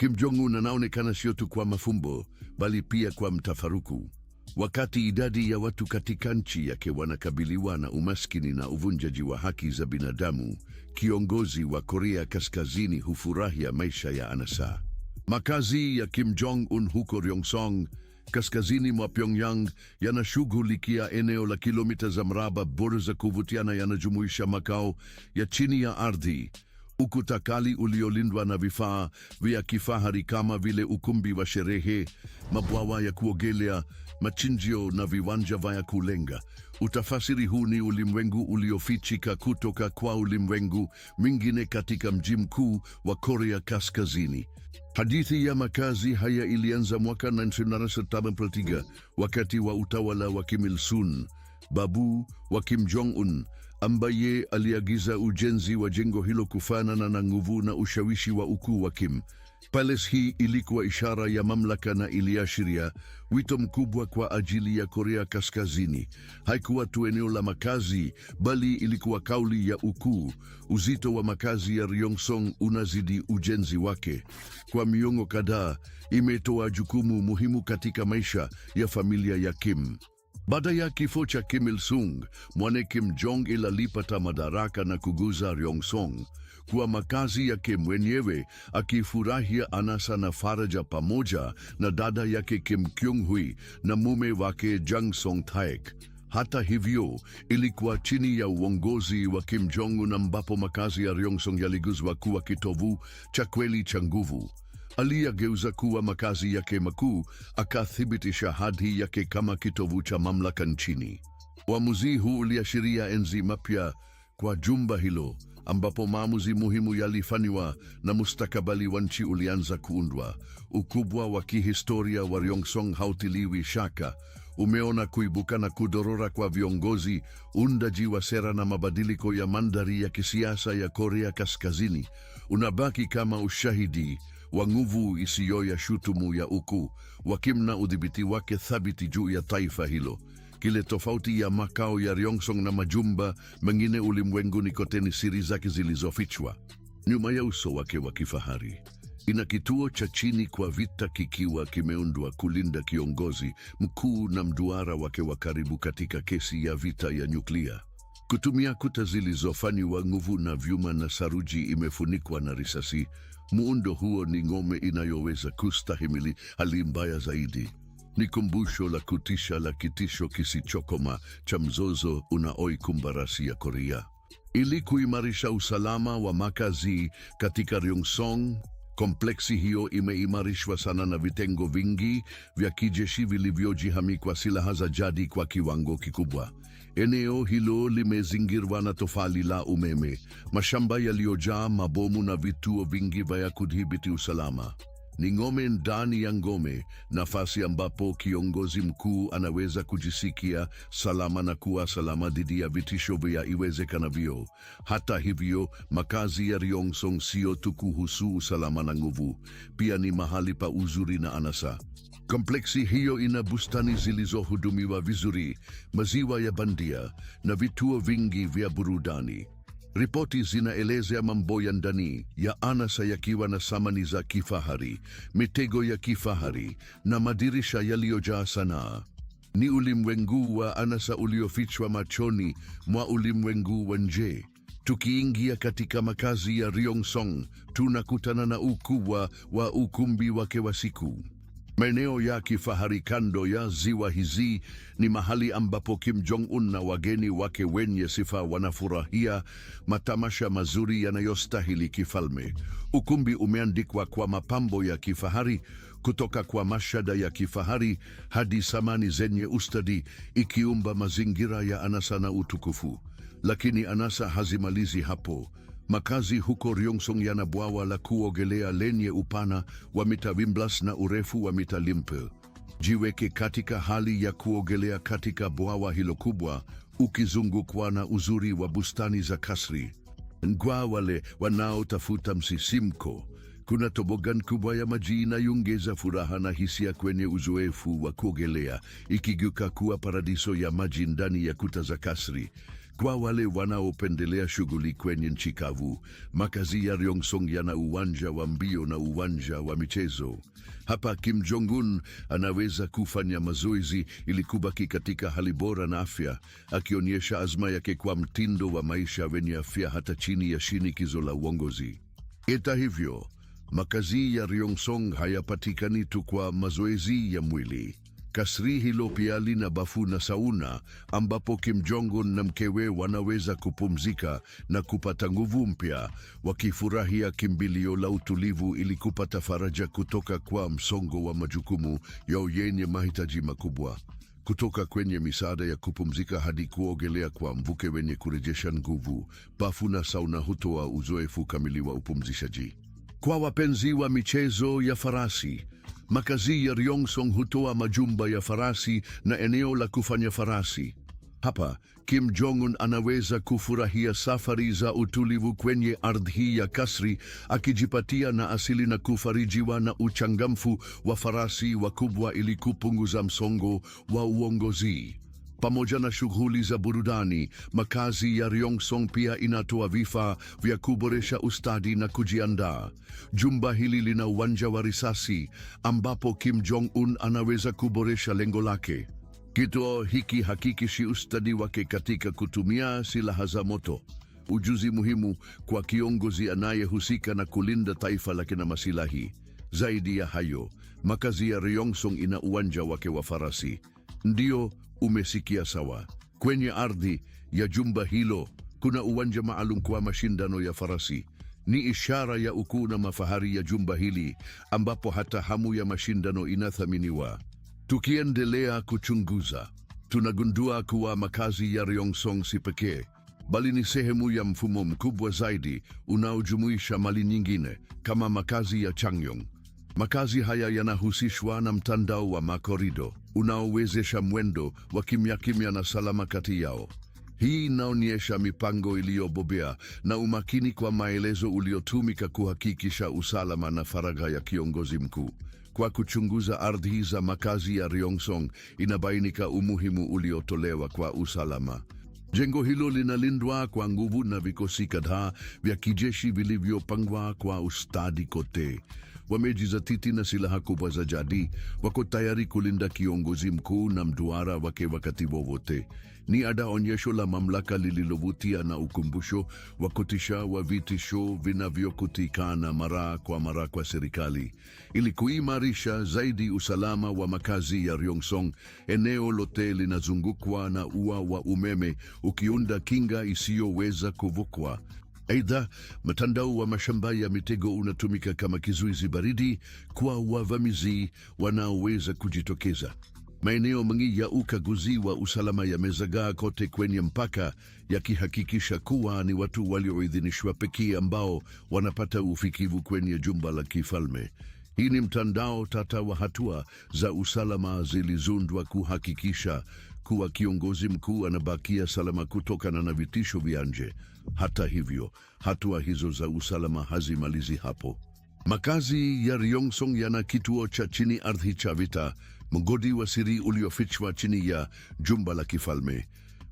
Kim Jong-un anaonekana sio tu kwa mafumbo, bali pia kwa mtafaruku. Wakati idadi ya watu katika nchi yake wanakabiliwa na umaskini na uvunjaji wa haki za binadamu, kiongozi wa Korea Kaskazini hufurahia maisha ya anasa. Makazi ya Kim Jong-un huko ryongsong kaskazini mwa Pyongyang, yanashughulikia eneo la kilomita za mraba bora za kuvutiana, yanajumuisha makao ya chini ya ardhi ukuta kali uliolindwa na vifaa vya kifahari kama vile ukumbi wa sherehe, mabwawa ya kuogelea, machinjio na viwanja vya kulenga. Utafasiri huu ni ulimwengu uliofichika kutoka kwa ulimwengu mwingine katika mji mkuu wa Korea Kaskazini. Hadithi ya makazi haya ilianza mwaka 1973 wakati wa utawala wa Kim Il Sung. Babu wa Kim Jong-un ambaye aliagiza ujenzi wa jengo hilo kufanana na nguvu na ushawishi wa ukuu wa Kim. Palace hii ilikuwa ishara ya mamlaka na iliashiria wito mkubwa kwa ajili ya Korea Kaskazini. Haikuwa tu eneo la makazi, bali ilikuwa kauli ya ukuu. Uzito wa makazi ya Ryongsong unazidi ujenzi wake. Kwa miongo kadhaa, imetoa jukumu muhimu katika maisha ya familia ya Kim. Baada ya kifo cha Kim Il Sung, mwane Kim Jong Il alipata madaraka na kuguza Ryong-song kuwa makazi yake mwenyewe, akifurahia anasa na faraja pamoja na dada yake Kim Kyung Hui na mume wake Jang Song Taek. Hata hivyo, ilikuwa chini ya uongozi wa Kim Jong Un ambapo makazi ya Ryong-song yaliguzwa kuwa kitovu cha kweli cha nguvu aliyageuza kuwa makazi yake makuu, akathibitisha hadhi yake kama kitovu cha mamlaka nchini. Uamuzi huu uliashiria enzi mapya kwa jumba hilo, ambapo maamuzi muhimu yalifanywa na mustakabali wa nchi ulianza kuundwa. Ukubwa wa kihistoria wa ryongsong hautiliwi shaka. Umeona kuibuka na kudorora kwa viongozi, undaji wa sera na mabadiliko ya mandhari ya kisiasa ya Korea Kaskazini. Unabaki kama ushahidi wa nguvu isiyo ya shutumu ya ukuu, wakimna udhibiti wake thabiti juu ya taifa hilo. Kile tofauti ya makao ya Ryongsong na majumba mengine ulimwenguni kote ni siri zake zilizofichwa nyuma ya uso wake wa kifahari. Ina kituo cha chini kwa vita kikiwa kimeundwa kulinda kiongozi mkuu na mduara wake wa karibu katika kesi ya vita ya nyuklia. Kutumia kuta zilizofanywa nguvu na vyuma na saruji imefunikwa na risasi, Muundo huo ni ngome inayoweza kustahimili hali mbaya zaidi. Ni kumbusho la kutisha la kitisho kisichokoma cha mzozo unaoikumba rasi ya Korea. Ili kuimarisha usalama wa makazi katika ryongsong kompleksi hiyo imeimarishwa sana na vitengo vingi vya kijeshi vilivyojihami kwa silaha za jadi kwa kiwango kikubwa. Eneo hilo limezingirwa na tofali la umeme, mashamba yaliyojaa mabomu na vituo vingi vya kudhibiti usalama ni ngome ndani ya ngome, nafasi ambapo kiongozi mkuu anaweza kujisikia salama na kuwa salama dhidi ya vitisho vya iwezekanavyo. Hata hivyo, makazi ya Ryongsong sio tu kuhusu usalama na nguvu, pia ni mahali pa uzuri na anasa. Kompleksi hiyo ina bustani zilizohudumiwa vizuri, maziwa ya bandia na vituo vingi vya burudani. Ripoti ya mambo ya ndani ya anasa yakiwa na samani za kifahari, mitego ya kifahari na madirisha yaliyojaa sanaa. Ni ulimwengu wa anasa uliofichwa machoni mwa ulimwengu wa nje. Tukiingia katika makazi ya Ryong Song, tunakutana na ukubwa wa ukumbi wake wa siku. Maeneo ya kifahari kando ya ziwa hizi ni mahali ambapo Kim Jong Un na wageni wake wenye sifa wanafurahia matamasha mazuri yanayostahili kifalme. Ukumbi umeandikwa kwa mapambo ya kifahari kutoka kwa mashada ya kifahari hadi samani zenye ustadi, ikiumba mazingira ya anasa na utukufu. Lakini anasa hazimalizi hapo. Makazi huko yana bwawa la kuogelea lenye upana wa mita Wimblas na urefu wa mita Limpe. Jiweke katika hali ya kuogelea katika bwawa hilo kubwa, ukizungukwa na uzuri wa bustani za kasri. Ngwa wale wanaotafuta msisimko, kuna tobogan kubwa ya maji inayongeza furaha na hisia kwenye uzoefu wa kuogelea, ikigeuka kuwa paradiso ya maji ndani ya kuta za kasri. Kwa wale wanaopendelea shughuli kwenye nchi kavu, makazi ya Ryongsong yana uwanja wa mbio na uwanja wa michezo. Hapa Kim Jong-un anaweza kufanya mazoezi ili kubaki katika hali bora na afya, akionyesha azma yake kwa mtindo wa maisha wenye afya hata chini ya shinikizo la uongozi. Hata hivyo, makazi ya Ryongsong hayapatikani tu kwa mazoezi ya mwili kasri hilo pia lina bafu na sauna ambapo Kim Jong Un na mkewe wanaweza kupumzika na kupata nguvu mpya, wakifurahia kimbilio la utulivu ili kupata faraja kutoka kwa msongo wa majukumu yao yenye mahitaji makubwa. Kutoka kwenye misaada ya kupumzika hadi kuogelea kwa mvuke wenye kurejesha nguvu, bafu na sauna hutoa uzoefu kamili wa upumzishaji. Kwa wapenzi wa michezo ya farasi Makazi ya Ryongsong hutoa majumba ya farasi na eneo la kufanya farasi. Hapa Kim Jong-un anaweza kufurahia safari za utulivu kwenye ardhi ya kasri, akijipatia na asili na kufarijiwa na uchangamfu wa farasi wakubwa ili kupunguza msongo wa uongozi. Pamoja na shughuli za burudani, makazi ya Ryongsong pia inatoa vifaa vya kuboresha ustadi na kujiandaa. Jumba hili lina uwanja wa risasi ambapo Kim Jong Un anaweza kuboresha lengo lake. Kituo hiki hakikishi ustadi wake katika kutumia silaha za moto, ujuzi muhimu kwa kiongozi anayehusika na kulinda taifa lake na masilahi. Zaidi ya hayo, makazi ya Ryongsong ina uwanja wake wa farasi. ndio Umesikia sawa. Kwenye ardhi ya jumba hilo kuna uwanja maalum kwa mashindano ya farasi. Ni ishara ya ukuu na mafahari ya jumba hili ambapo hata hamu ya mashindano inathaminiwa. Tukiendelea kuchunguza, tunagundua kuwa makazi ya Ryongsong si pekee, bali ni sehemu ya mfumo mkubwa zaidi unaojumuisha mali nyingine kama makazi ya Changyong. Makazi haya yanahusishwa na mtandao wa makorido unaowezesha mwendo wa kimya kimya na salama kati yao. Hii inaonyesha mipango iliyobobea na umakini kwa maelezo uliotumika kuhakikisha usalama na faragha ya kiongozi mkuu. Kwa kuchunguza ardhi za makazi ya Ryongsong, inabainika umuhimu uliotolewa kwa usalama. Jengo hilo linalindwa kwa nguvu na vikosi kadhaa vya kijeshi vilivyopangwa kwa ustadi kote wamejizatiti na silaha kubwa za jadi, wako tayari kulinda kiongozi mkuu na mduara wake wakati wowote. Ni ada onyesho la mamlaka lililovutia na ukumbusho wa kutisha wa vitisho vinavyokutikana mara kwa mara kwa serikali. Ili kuimarisha zaidi usalama wa makazi ya Ryongsong, eneo lote linazungukwa na ua wa umeme ukiunda kinga isiyoweza kuvukwa. Aidha, mtandao wa mashamba ya mitego unatumika kama kizuizi baridi kwa wavamizi wanaoweza kujitokeza. Maeneo mengi ya ukaguzi wa usalama yamezagaa kote kwenye mpaka, yakihakikisha kuwa ni watu walioidhinishwa pekee ambao wanapata ufikivu kwenye jumba la kifalme. Hii ni mtandao tata wa hatua za usalama zilizundwa kuhakikisha kuwa kiongozi mkuu anabakia salama kutokana na vitisho vya nje. Hata hivyo, hatua hizo za usalama hazimalizi hapo. Makazi ya Ryongsong yana kituo cha chini ardhi cha vita, mgodi wa siri uliofichwa chini ya jumba la kifalme.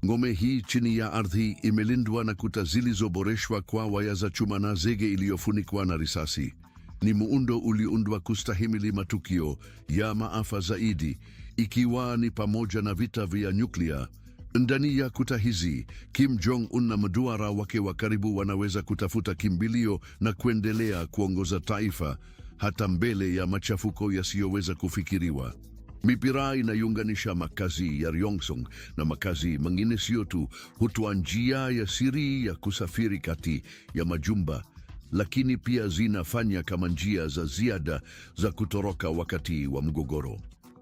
Ngome hii chini ya ardhi imelindwa na kuta zilizoboreshwa kwa waya za chuma na zege iliyofunikwa na risasi. Ni muundo uliundwa kustahimili matukio ya maafa zaidi, ikiwa ni pamoja na vita vya nyuklia ndani ya kuta hizi, Kim Jong Un na maduara wake wa karibu wanaweza kutafuta kimbilio na kuendelea kuongoza taifa hata mbele ya machafuko yasiyoweza kufikiriwa. Mipira inayounganisha makazi ya Ryongsong na makazi mengine sio tu hutoa njia ya siri ya kusafiri kati ya majumba, lakini pia zinafanya kama njia za ziada za kutoroka wakati wa mgogoro.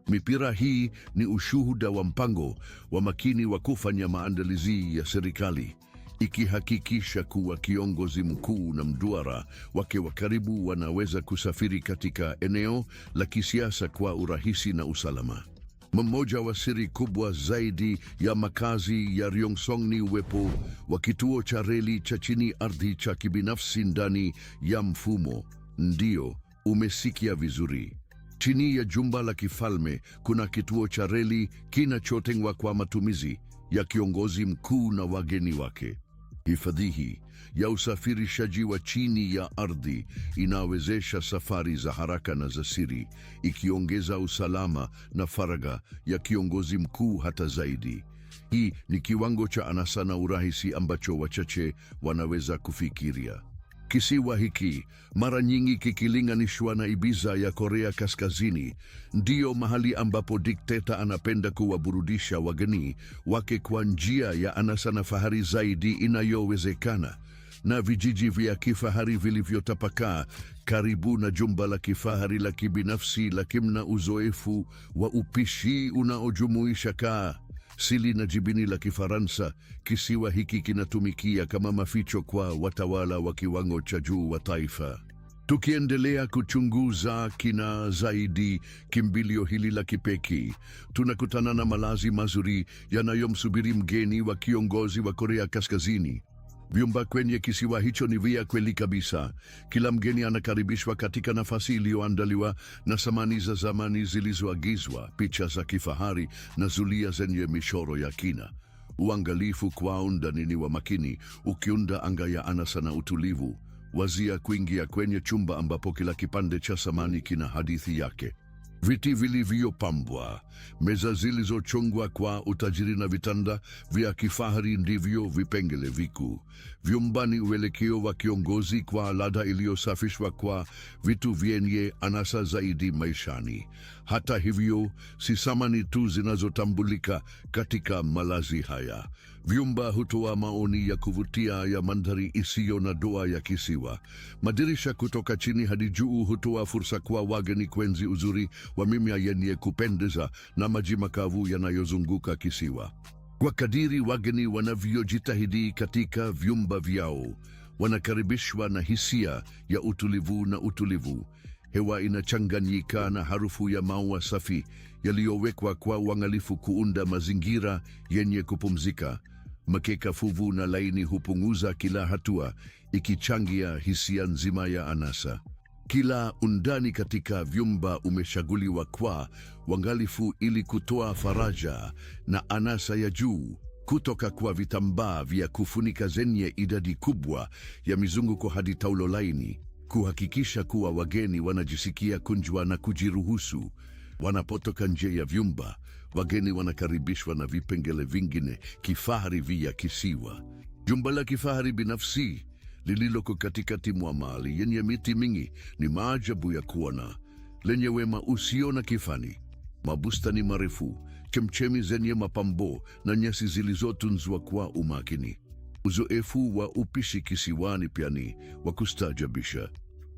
Mipira hii ni ushuhuda wa mpango wa makini wa kufanya maandalizi ya serikali ikihakikisha kuwa kiongozi mkuu na mduara wake wa karibu wanaweza kusafiri katika eneo la kisiasa kwa urahisi na usalama. Mmoja wa siri kubwa zaidi ya makazi ya Ryongsong ni uwepo wa kituo cha reli cha chini ardhi cha kibinafsi ndani ya mfumo. Ndio, umesikia vizuri. Chini ya jumba la kifalme kuna kituo cha reli kinachotengwa kwa matumizi ya kiongozi mkuu na wageni wake. Hifadhi hii ya usafirishaji wa chini ya ardhi inawezesha safari za haraka na za siri, ikiongeza usalama na faragha ya kiongozi mkuu hata zaidi. Hii ni kiwango cha anasa na urahisi ambacho wachache wanaweza kufikiria. Kisiwa hiki mara nyingi kikilinganishwa na Ibiza ya Korea Kaskazini, ndiyo mahali ambapo dikteta anapenda kuwaburudisha wageni wake kwa njia ya anasa na fahari zaidi inayowezekana, na vijiji vya kifahari vilivyotapakaa karibu na jumba la kifahari la kibinafsi la kimna uzoefu wa upishi unaojumuisha kaa sili na jibini la Kifaransa. Kisiwa hiki kinatumikia kama maficho kwa watawala wa kiwango cha juu wa taifa. Tukiendelea kuchunguza kina zaidi kimbilio hili la kipeki tunakutana na malazi mazuri yanayomsubiri mgeni wa kiongozi wa Korea Kaskazini. Vyumba kwenye kisiwa hicho ni vya kweli kabisa. Kila mgeni anakaribishwa katika nafasi iliyoandaliwa na samani za zamani zilizoagizwa, picha za kifahari na zulia zenye michoro ya kina. Uangalifu kwa undani ni wa makini, ukiunda anga ya anasa na utulivu. Wazia kuingia kwenye chumba ambapo kila kipande cha samani kina hadithi yake viti vilivyopambwa, meza zilizochongwa kwa utajiri na vitanda vya kifahari ndivyo vipengele vikuu. Vyumbani uelekeo wa kiongozi kwa ladha iliyosafishwa kwa vitu vyenye anasa zaidi maishani. Hata hivyo, si samani tu zinazotambulika katika malazi haya. Vyumba hutoa maoni ya kuvutia ya mandhari isiyo na doa ya kisiwa. Madirisha kutoka chini hadi juu hutoa fursa kwa wageni kwenzi uzuri wa mimea yenye kupendeza na maji makavu yanayozunguka kisiwa. Kwa kadiri wageni wanavyojitahidi katika vyumba vyao, wanakaribishwa na hisia ya utulivu na utulivu. Hewa inachanganyika na harufu ya maua safi yaliyowekwa kwa uangalifu kuunda mazingira yenye kupumzika. Mkeka fuvu na laini hupunguza kila hatua, ikichangia hisia nzima ya anasa. Kila undani katika vyumba umeshaguliwa kwa uangalifu ili kutoa faraja na anasa ya juu kutoka kwa vitambaa vya kufunika zenye idadi kubwa ya mizunguko hadi taulo laini, kuhakikisha kuwa wageni wanajisikia kunjwa na kujiruhusu wanapotoka nje ya vyumba wageni wanakaribishwa na vipengele vingine kifahari vya kisiwa. Jumba la kifahari binafsi lililoko katikati mwa Mali yenye miti mingi ni maajabu ya kuona, lenye wema usio na kifani, mabustani marefu, chemchemi zenye mapambo na nyasi zilizotunzwa kwa umakini. Uzoefu wa upishi kisiwani pia ni wa kustaajabisha.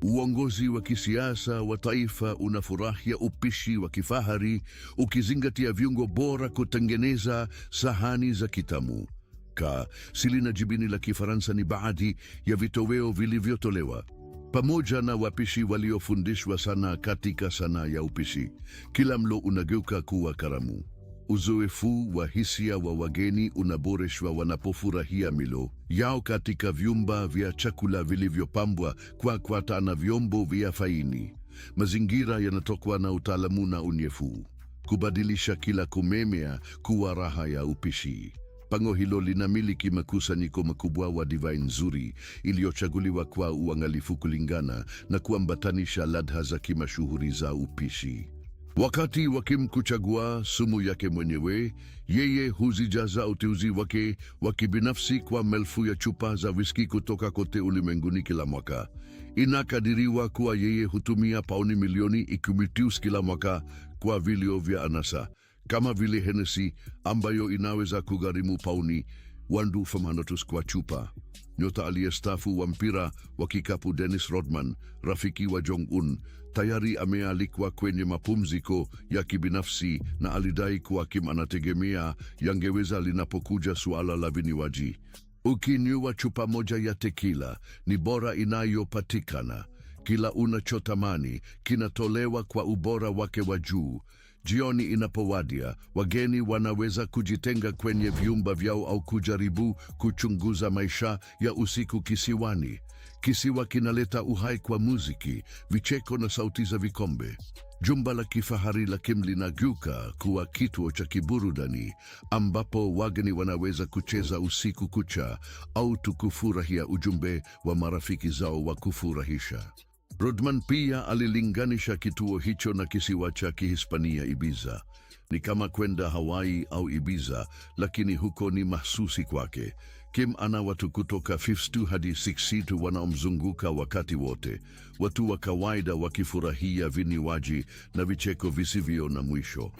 Uongozi wa kisiasa wa taifa unafurahia upishi wa kifahari ukizingatia viungo bora kutengeneza sahani za kitamu. Ka sili na jibini la Kifaransa ni baadhi ya vitoweo vilivyotolewa, pamoja na wapishi waliofundishwa sana katika sanaa ya upishi. Kila mlo unageuka kuwa karamu. Uzoefu wa hisia wa wageni unaboreshwa wanapofurahia milo yao katika vyumba vya chakula vilivyopambwa kwa kwata na vyombo vya faini. Mazingira yanatokwa na utaalamu na unyefu, kubadilisha kila kumemea kuwa raha ya upishi. Pango hilo linamiliki makusanyiko makubwa wa divai nzuri iliyochaguliwa kwa uangalifu kulingana na kuambatanisha ladha za kimashuhuri za upishi. Wakati wakimkuchagua sumu yake mwenyewe, yeye huzijaza uteuzi wake wa kibinafsi kwa maelfu ya chupa za whisky kutoka kote ulimwenguni kila mwaka. Inakadiriwa kuwa yeye hutumia pauni milioni ikumitius kila mwaka kwa vilio vya anasa kama vile Hennessy, ambayo inaweza kugharimu pauni 1500 kwa chupa. Nyota aliyestaafu wa mpira wa kikapu Dennis Rodman, rafiki wa Jong-un, tayari amealikwa kwenye mapumziko ya kibinafsi na alidai kuwa Kim anategemea yangeweza linapokuja suala la vinywaji. Ukinywa chupa moja ya tekila ni bora inayopatikana. Kila unachotamani kinatolewa kwa ubora wake wa juu. Jioni inapowadia, wageni wanaweza kujitenga kwenye vyumba vyao au kujaribu kuchunguza maisha ya usiku kisiwani. Kisiwa kinaleta uhai kwa muziki, vicheko na sauti za vikombe. Jumba la kifahari la Kim linageuka kuwa kituo cha kiburudani ambapo wageni wanaweza kucheza usiku kucha au tu kufurahia ujumbe wa marafiki zao wa kufurahisha. Rodman pia alilinganisha kituo hicho na kisiwa cha Kihispania Ibiza. Ni kama kwenda Hawaii au Ibiza, lakini huko ni mahsusi kwake. Kim ana watu kutoka 52 hadi 62 wanaomzunguka wakati wote, watu wa kawaida wakifurahia vinywaji na vicheko visivyo na mwisho.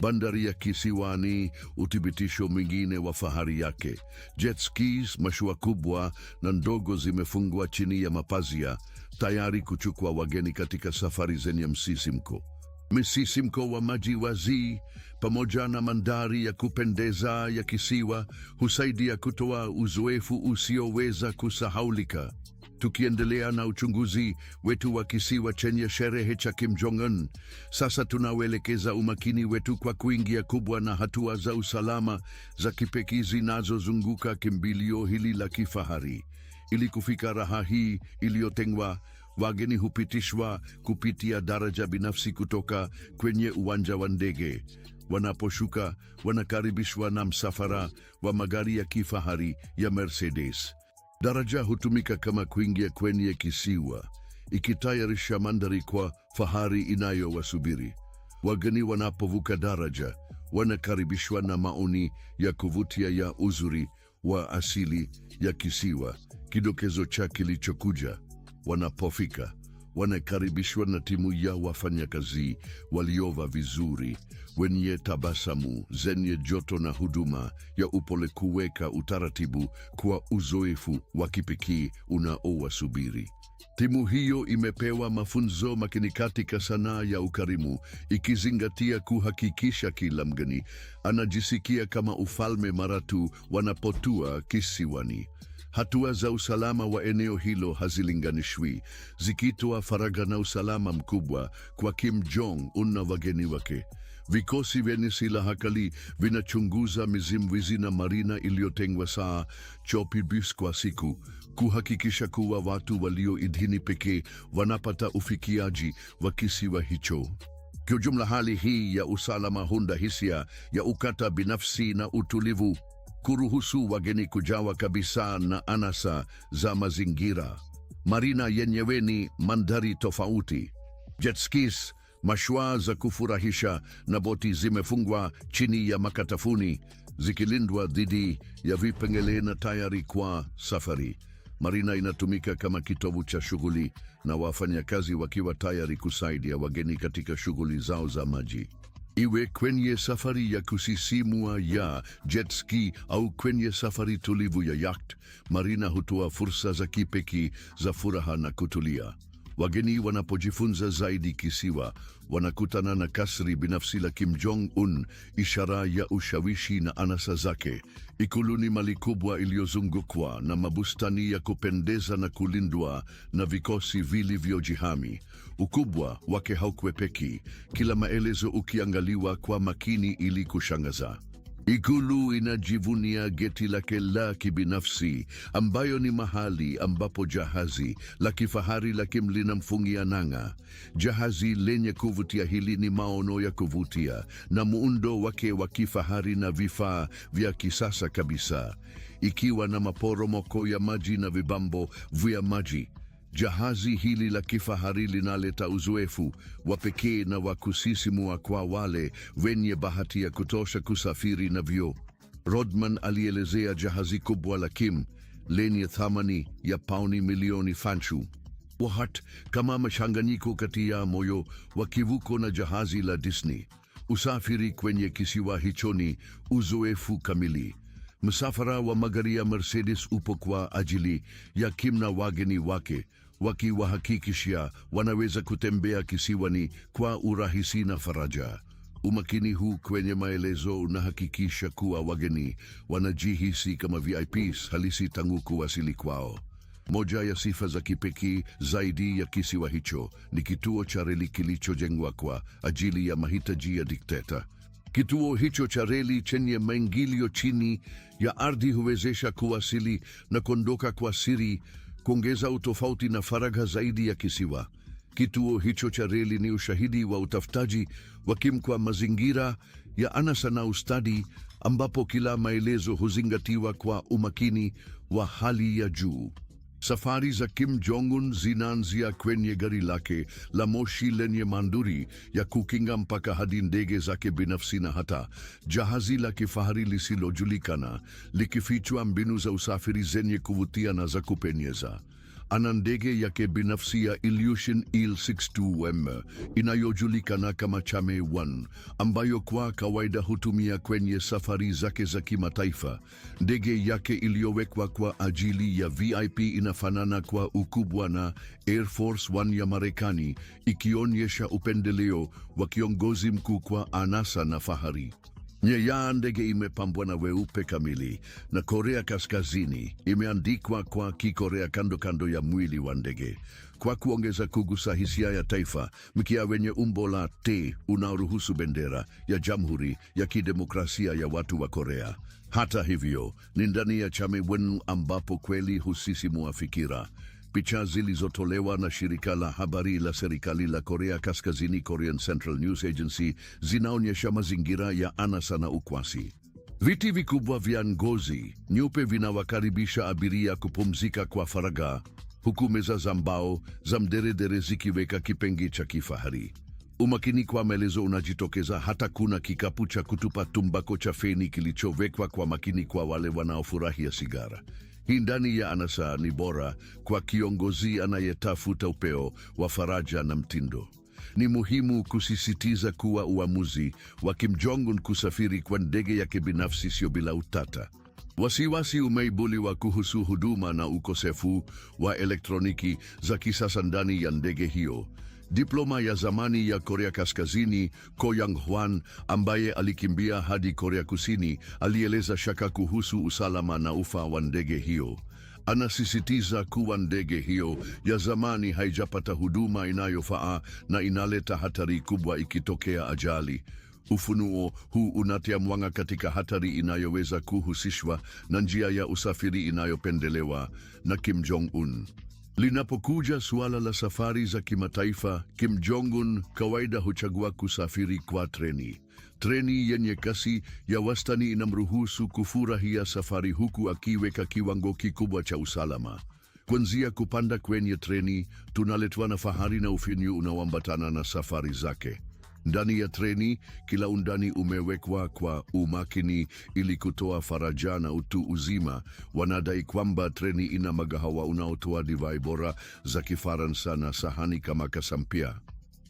Bandari ya kisiwani, uthibitisho mwingine wa fahari yake. Jet skis, mashua kubwa na ndogo zimefungwa chini ya mapazia, tayari kuchukua wageni katika safari zenye msisimko. Msisimko wa maji wazi, pamoja na mandhari ya kupendeza ya kisiwa husaidia kutoa uzoefu usioweza kusahaulika. Tukiendelea na uchunguzi wetu wa kisiwa chenye sherehe cha Kim Jong Un, sasa tunawelekeza umakini wetu kwa kuingia kubwa na hatua za usalama za kipekee zinazozunguka kimbilio hili la kifahari. Ili kufika raha hii iliyotengwa, wageni hupitishwa kupitia daraja binafsi kutoka kwenye uwanja wa ndege. Wanaposhuka wanakaribishwa na msafara wa magari ya kifahari ya Mercedes. Daraja hutumika kama kuingia kwenye kisiwa, ikitayarisha mandhari kwa fahari inayowasubiri. Wageni wanapovuka daraja wanakaribishwa na maoni ya kuvutia ya uzuri wa asili ya kisiwa. Kidokezo cha kilichokuja wanapofika wanakaribishwa na timu ya wafanyakazi waliova vizuri, wenye tabasamu, zenye joto na huduma ya upole, kuweka utaratibu kwa uzoefu wa kipekee unaowasubiri. Timu hiyo imepewa mafunzo makini katika sanaa ya ukarimu, ikizingatia kuhakikisha kila mgeni anajisikia kama ufalme mara tu wanapotua kisiwani. Hatua za usalama wa eneo hilo hazilinganishwi, zikitoa faragha na usalama mkubwa kwa Kim Jong Un na wageni wake. Vikosi vyenye silaha kali vinachunguza mizimwizi na marina iliyotengwa saa Chopibus kwa siku, kuhakikisha kuwa watu walioidhini pekee wanapata ufikiaji wa kisiwa hicho. Kiujumla, hali hii ya usalama hunda hisia ya ukata binafsi na utulivu kuruhusu wageni kujawa kabisa na anasa za mazingira. Marina yenyewe ni mandhari tofauti. Jet skis, mashua za kufurahisha na boti zimefungwa chini ya makatafuni zikilindwa dhidi ya vipengele na tayari kwa safari. Marina inatumika kama kitovu cha shughuli na wafanyakazi wakiwa tayari kusaidia wageni katika shughuli zao za maji iwe kwenye safari ya kusisimua ya jet ski au kwenye safari tulivu ya yacht, marina hutoa fursa za kipekee za furaha na kutulia. Wageni wanapojifunza zaidi kisiwa, wanakutana na kasri binafsi la Kim Jong Un, ishara ya ushawishi na anasa zake. Ikulu ni mali kubwa iliyozungukwa na mabustani ya kupendeza na kulindwa na vikosi vilivyojihami. Ukubwa wake haukwepeki, kila maelezo ukiangaliwa kwa makini ili kushangaza. Ikulu inajivunia geti lake la kibinafsi ambayo ni mahali ambapo jahazi la kifahari la Kim linamfungia nanga. Jahazi lenye kuvutia hili ni maono ya kuvutia na muundo wake wa kifahari na vifaa vya kisasa kabisa, ikiwa na maporomoko ya maji na vibambo vya maji. Jahazi hili la kifahari linaleta uzoefu wa pekee na wa kusisimua kwa wale wenye bahati ya kutosha kusafiri navyo. Rodman alielezea jahazi kubwa la Kim lenye thamani ya pauni milioni fanchu wahat kama mashanganyiko kati ya moyo wa kivuko na jahazi la Disney. Usafiri kwenye kisiwa hicho ni uzoefu kamili. Msafara wa magari ya Mercedes upo kwa ajili ya Kim na wageni wake, wakiwahakikishia wanaweza kutembea kisiwani kwa urahisi na faraja. Umakini huu kwenye maelezo unahakikisha kuwa wageni wanajihisi kama VIPs halisi tangu kuwasili kwao. Moja ya sifa za kipekee zaidi ya kisiwa hicho ni kituo cha reli kilichojengwa kwa ajili ya mahitaji ya dikteta. Kituo hicho cha reli chenye maingilio chini ya ardhi huwezesha kuwasili na kuondoka kwa siri kuongeza utofauti na faragha zaidi ya kisiwa. Kituo hicho cha reli ni ushahidi wa utafutaji wa kimkwa mazingira ya anasa na ustadi, ambapo kila maelezo huzingatiwa kwa umakini wa hali ya juu. Safari za Kim Jong-un zinaanzia kwenye gari lake la moshi lenye manduri ya kukinga mpaka hadi ndege zake binafsi na hata jahazi la kifahari lisilojulikana likifichwa mbinu za usafiri zenye kuvutia na za kupenyeza ana ndege yake binafsi ya Ilyushin Il-62M inayojulikana kama Chame 1 ambayo kwa kawaida hutumia kwenye safari zake za kimataifa. Ndege yake iliyowekwa kwa ajili ya VIP inafanana kwa ukubwa na Air Force One ya Marekani, ikionyesha upendeleo wa kiongozi mkuu kwa anasa na fahari. Nyeyaa ndege imepambwa na weupe kamili na Korea Kaskazini imeandikwa kwa Kikorea kando kando ya mwili wa ndege, kwa kuongeza kugusa hisia ya taifa, mkia wenye umbo la T unaoruhusu bendera ya Jamhuri ya Kidemokrasia ya Watu wa Korea. Hata hivyo, ni ndani ya chame wenu ambapo kweli husisimua fikira. Picha zilizotolewa na shirika la habari la serikali la Korea Kaskazini, Korean Central News Agency, zinaonyesha mazingira ya anasa na ukwasi. Viti vikubwa vya ngozi nyeupe vinawakaribisha abiria kupumzika kwa faragha, huku meza za mbao za mderedere zikiweka kipenge cha kifahari. Umakini kwa maelezo unajitokeza hata kuna kikapu cha kutupa tumbako cha feni kilichowekwa kwa makini kwa wale wanaofurahia sigara ndani ya anasa ni bora kwa kiongozi anayetafuta upeo wa faraja na mtindo. Ni muhimu kusisitiza kuwa uamuzi wa Kim Jong-un kusafiri kwa ndege yake binafsi sio bila utata. Wasiwasi umeibuliwa kuhusu huduma na ukosefu wa elektroniki za kisasa ndani ya ndege hiyo, Diploma ya zamani ya Korea Kaskazini, Ko Yang-hwan, ambaye alikimbia hadi Korea Kusini, alieleza shaka kuhusu usalama na ufa wa ndege hiyo. Anasisitiza kuwa ndege hiyo ya zamani haijapata huduma inayofaa na inaleta hatari kubwa ikitokea ajali. Ufunuo huu unatia mwanga katika hatari inayoweza kuhusishwa na njia ya usafiri inayopendelewa na Kim Jong-un. Linapokuja suala la safari za kimataifa, Kim Jong-un kawaida huchagua kusafiri kwa treni. Treni yenye kasi ya wastani inamruhusu kufurahia safari huku akiweka kiwango kikubwa cha usalama. Kuanzia kupanda kwenye treni, tunaletwa na fahari na ufinyu unaoambatana na safari zake. Ndani ya treni, kila undani umewekwa kwa umakini ili kutoa faraja na utu uzima. Wanadai kwamba treni ina magahawa unaotoa divai bora za Kifaransa na sahani kama kasampia.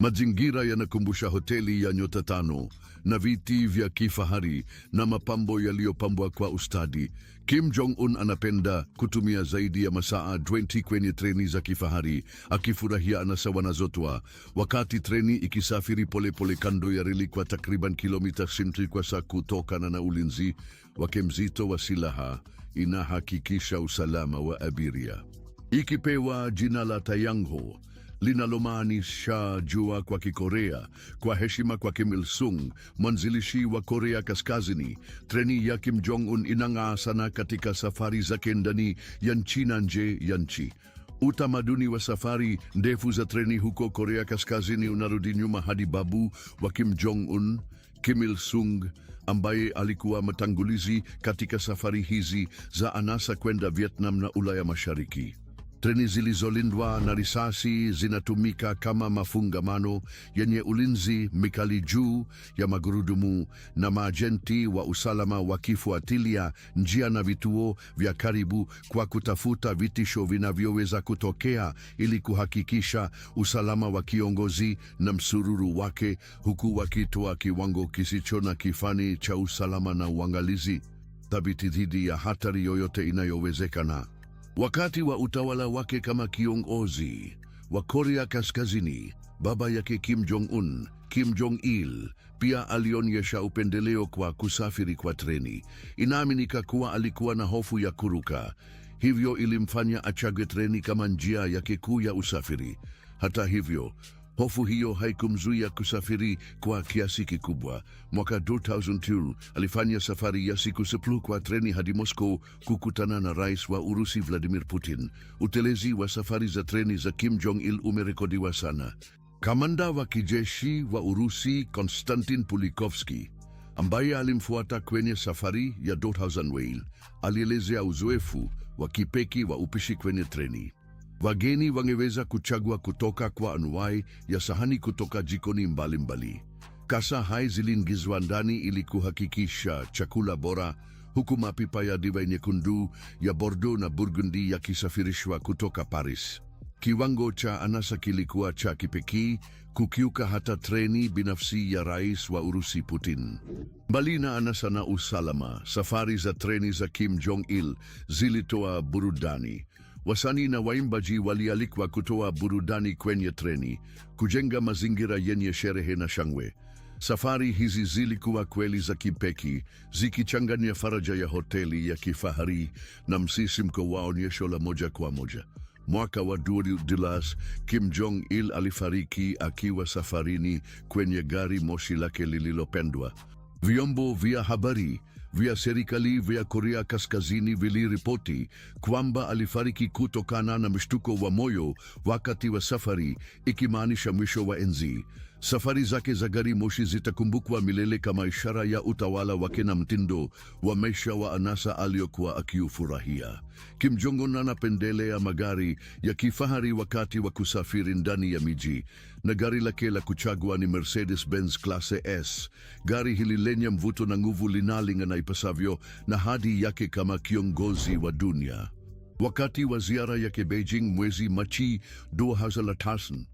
Mazingira yanakumbusha hoteli ya nyota tano na viti vya kifahari na mapambo yaliyopambwa kwa ustadi. Kim Jong Un anapenda kutumia zaidi ya masaa 20 kwenye treni za kifahari, akifurahia anasa wanazotwa. Wakati treni ikisafiri polepole kando ya reli kwa takriban kilomita 60 kwa saa, kutokana na ulinzi wake mzito wa silaha, inahakikisha usalama wa abiria. Ikipewa jina la Tayangho linalomaanisha jua kwa Kikorea, kwa heshima kwa Kim Il Sung, mwanzilishi wa Korea Kaskazini. Treni ya Kim Jong Un inang'aa sana katika safari zake ndani ya nchi na nje ya nchi. Utamaduni wa safari ndefu za treni huko Korea Kaskazini unarudi nyuma hadi babu wa Kim Jong Un, Kim Il Sung, ambaye alikuwa mtangulizi katika safari hizi za anasa kwenda Vietnam na Ulaya Mashariki. Treni zilizolindwa na risasi zinatumika kama mafungamano yenye ulinzi mikali juu ya magurudumu na maajenti wa usalama wakifuatilia njia na vituo vya karibu kwa kutafuta vitisho vinavyoweza kutokea ili kuhakikisha usalama wa kiongozi na msururu wake huku wakitoa kiwango kisicho na kifani cha usalama na uangalizi thabiti dhidi ya hatari yoyote inayowezekana. Wakati wa utawala wake kama kiongozi wa Korea Kaskazini, baba yake Kim Jong-un, Kim Jong-il, pia alionyesha upendeleo kwa kusafiri kwa treni. Inaaminika kuwa alikuwa na hofu ya kuruka, hivyo ilimfanya achague treni kama njia yake kuu ya usafiri. Hata hivyo, Hofu hiyo haikumzuia kusafiri kwa kiasi kikubwa. Mwaka 2002 alifanya safari ya siku seplu kwa treni hadi Moscow kukutana na rais wa Urusi Vladimir Putin. Utelezi wa safari za treni za Kim Jong Il umerekodiwa sana. Kamanda wa kijeshi wa Urusi Konstantin Pulikovsky ambaye alimfuata kwenye safari ya 2000 alielezea uzoefu wa kipeki wa upishi kwenye treni. Wageni wangeweza kuchagua kutoka kwa anuwai ya sahani kutoka jikoni mbalimbali. Kasa hai ziliingizwa ndani ili kuhakikisha chakula bora, huku mapipa ya divai nyekundu ya Bordeaux na Burgundy yakisafirishwa kutoka Paris. Kiwango cha anasa kilikuwa cha kipekee, kukiuka hata treni binafsi ya rais wa Urusi Putin. Mbali na anasa na usalama, safari za treni za Kim Jong Il zilitoa burudani. Wasanii na waimbaji walialikwa kutoa burudani kwenye treni, kujenga mazingira yenye sherehe na shangwe. Safari hizi zilikuwa kweli za kipeki zikichanganya faraja ya hoteli ya kifahari na msisimko wa onyesho la moja kwa moja. Mwaka wa 2000 Kim Jong Il alifariki akiwa safarini kwenye gari moshi lake lililopendwa. Vyombo vya habari vya serikali vya Korea Kaskazini viliripoti kwamba alifariki kutokana na mshtuko wa moyo wakati wa safari, ikimaanisha mwisho wa enzi. Safari zake za gari moshi zitakumbukwa milele kama ishara ya utawala wake na mtindo wa maisha wa anasa aliyokuwa akiufurahia. Kim Jong Un anapendelea magari ya kifahari wakati wa kusafiri ndani ya miji, na gari lake la kuchagua ni Mercedes-Benz Klase S. Gari hili lenye mvuto na nguvu linalingana ipasavyo na hadi yake kama kiongozi wa dunia. Wakati wa ziara yake Beijing mwezi Machi 2023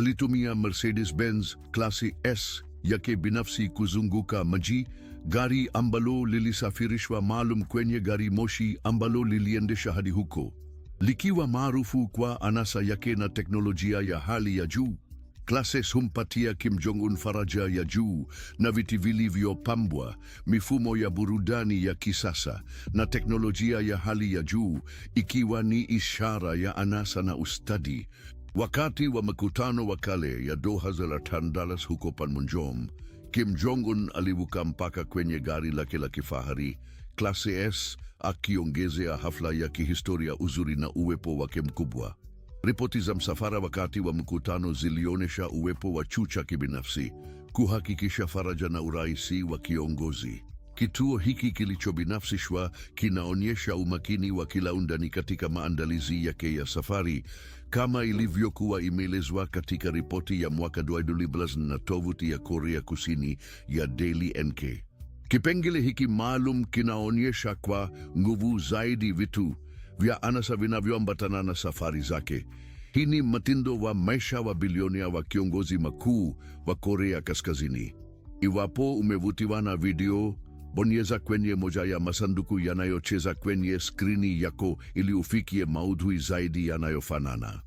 alitumia Mercedes-Benz klasi S yake binafsi kuzunguka mji, gari ambalo lilisafirishwa maalum kwenye gari moshi ambalo liliendesha hadi huko. Likiwa maarufu kwa anasa yake na teknolojia ya hali ya juu, klasi S humpatia Kim Jong-un faraja ya juu na viti vilivyopambwa, mifumo ya burudani ya kisasa na teknolojia ya hali ya juu, ikiwa ni ishara ya anasa na ustadi. Wakati wa makutano wa kale ya Doha Zlatan Tandalas huko Panmunjom, Kim Jong-un alivuka mpaka kwenye gari lake la kifahari Classe S, akiongezea hafla ya kihistoria uzuri na uwepo wake mkubwa. Ripoti za msafara wakati wa mkutano zilionyesha uwepo wa chucha kibinafsi kuhakikisha faraja na urahisi wa kiongozi. Kituo hiki kilichobinafsishwa kinaonyesha umakini wa kila undani katika maandalizi yake ya safari, kama ilivyokuwa imeelezwa katika ripoti ya mwaka 2012 na tovuti ya Korea Kusini ya Daily NK. Kipengele hiki maalum kinaonyesha kwa nguvu zaidi vitu vya anasa vinavyoambatana na safari zake. Hii ni mtindo wa maisha wa bilionea wa kiongozi mkuu wa Korea Kaskazini. Iwapo umevutiwa na video bonyeza kwenye moja ya masanduku yanayocheza kwenye skrini yako ili ufikie maudhui zaidi yanayofanana.